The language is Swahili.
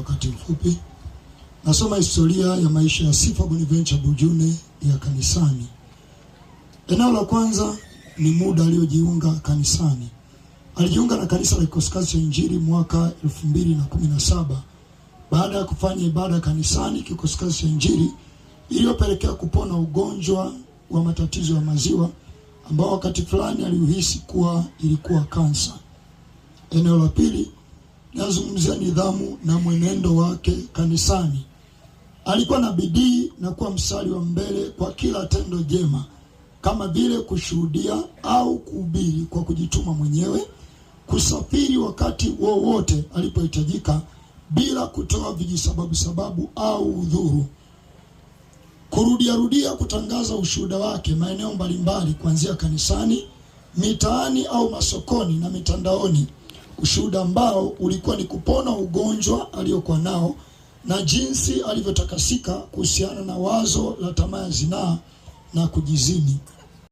wakati mfupi, nasoma historia ya maisha ya Sifa Bonaventure Bujune ya kanisani. Eneo la kwanza ni muda aliyojiunga kanisani. Alijiunga na kanisa la Kikosikazi cha Injili mwaka kumi saba baada ya kufanya ibada kanisani Kikosikazi cha Injili iliyopelekea kupona ugonjwa wa matatizo ya maziwa ambao wakati fulani aliuhisi kuwa ilikuwa kansa. Eneo la pili nazungumzia nidhamu na mwenendo wake kanisani. Alikuwa na bidii na kuwa mstari wa mbele kwa kila tendo jema, kama vile kushuhudia au kuhubiri kwa kujituma mwenyewe, kusafiri wakati wowote alipohitajika bila kutoa vijisababu sababu au udhuru, kurudiarudia kutangaza ushuhuda wake maeneo mbalimbali, kuanzia kanisani, mitaani au masokoni na mitandaoni ushuhuda ambao ulikuwa ni kupona ugonjwa aliyokuwa nao na jinsi alivyotakasika kuhusiana na wazo la tamaa ya zinaa na kujizini.